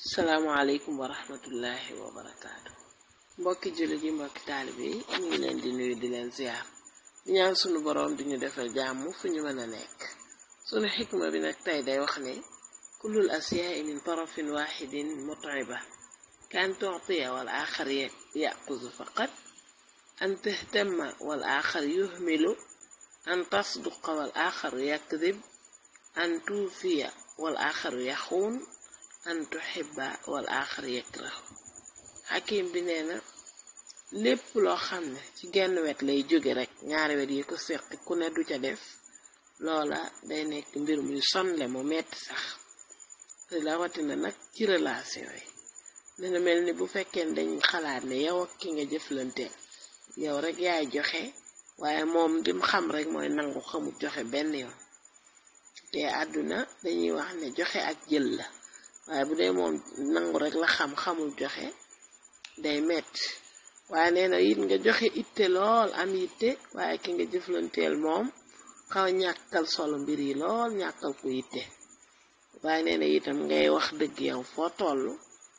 salaamualeykum wa rahmatullahi wa barakaatu mbokki julli ji mbokki taalibe yi ñu leen di nuyu di leen ziar di ñaan sunu boroom di defal jàmm fu ñu mën nekk sunu xikma bi nag tey day wax ni kullul asiyaai min tarafin waxidin mutiba kan tuctiya wal axar yaquzu faqat an tahtama wal axar yuhmilu an tasduqa wal axar yakdib an tuufiya wal axar yaxuun an tuhibba wal aaxar yakrahu xakim bi neena lépp loo xam ne ci genn wet lay jóge rek ñaari wet yi ko séq ku ne du ca def loola day nekk mbir muy sonle mu metti sax te rawatina nag ci relation yi dina mel ni bu fekkee dañuy xalaat ne yow ak ki nga jëflante yow rek yaay joxe waaye moom dim xam rek mooy nangu xamut joxe benn yoon te àdduna dañuy wax ne joxe ak jël la waaye bu dee moom nangu rek la xam xamul joxe day metti waaye nee na it nga joxe itte lool am itte waaye ki nga jëflanteel moom xaw solo mbir yi lool ñàkkal ko itte waaye itam ngay wax dëgg yow foo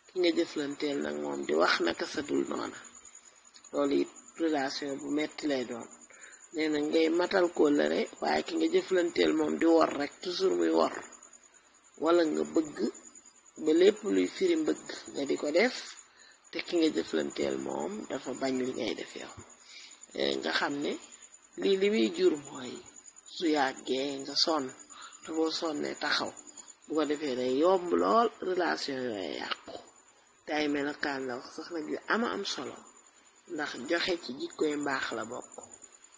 ki nga jëflanteel nag moom di wax naka sa dul noona loolu it relation bu metti lay doon nee na ngay matal ko kóllëre waaye ki nga jëflanteel moom di wor rek toujours muy wor wala nga bëgg lépp luy firi mbëgg nga di ko def te ki nga jëflanteel moom dafa bañ li ngay def yow eh, nga xam ne lii li muy jur mooy su yàggee nga sonn te boo sonnee taxaw bu ko defee day yomb lool relation yooyu yàqu te ay melokaan la wax sax nag li ama am solo ndax joxe ci jikkoy mbaax la bokk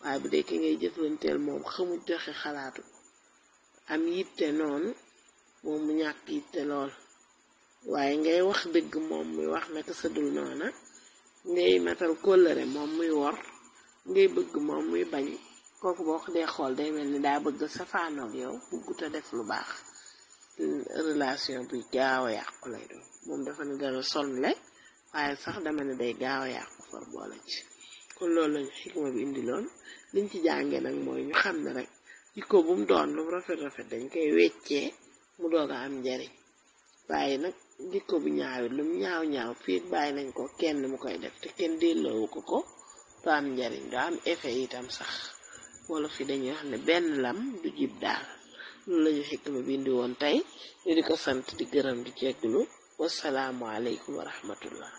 waaye bu dee ki ngay jëflanteel moom xamul joxe xalaatu am yitte noonu moom mu ñàkk yitte lool waaye ngay wax dëgg moom muy wax naka sadul noona ngay matal kóllëre moom muy wor ngay bëgg moom muy bañ kooku boo ko dee xool day mel ni daa bëgg safaanoog yow buggut a def lu baax relation bi gaaw a yàqu lay doon moom dafa ne dana sonle waaye sax dama ne day gaaw a yàqu far boole ci kon loolu lañu xikma bi indi liñ ci jànge nag mooy ñu xam ne rek jikko bu mu doon lu rafet rafet dañ koy weccee mu doog a am njariñ bàyyi nag jikko bu ñaawit lum ñaaw ñaaw fii bàyyi nañ ko kenn mu koy def te kenn delloowu ko ko du am njariñ du am effet itam sax wolof yi dañuy xam ne benn lam du jib daal loolu lañu xikma bindi woon tey ñu di ko sant di gërëm di jégglu wasalaamualeykum wa rahmatullah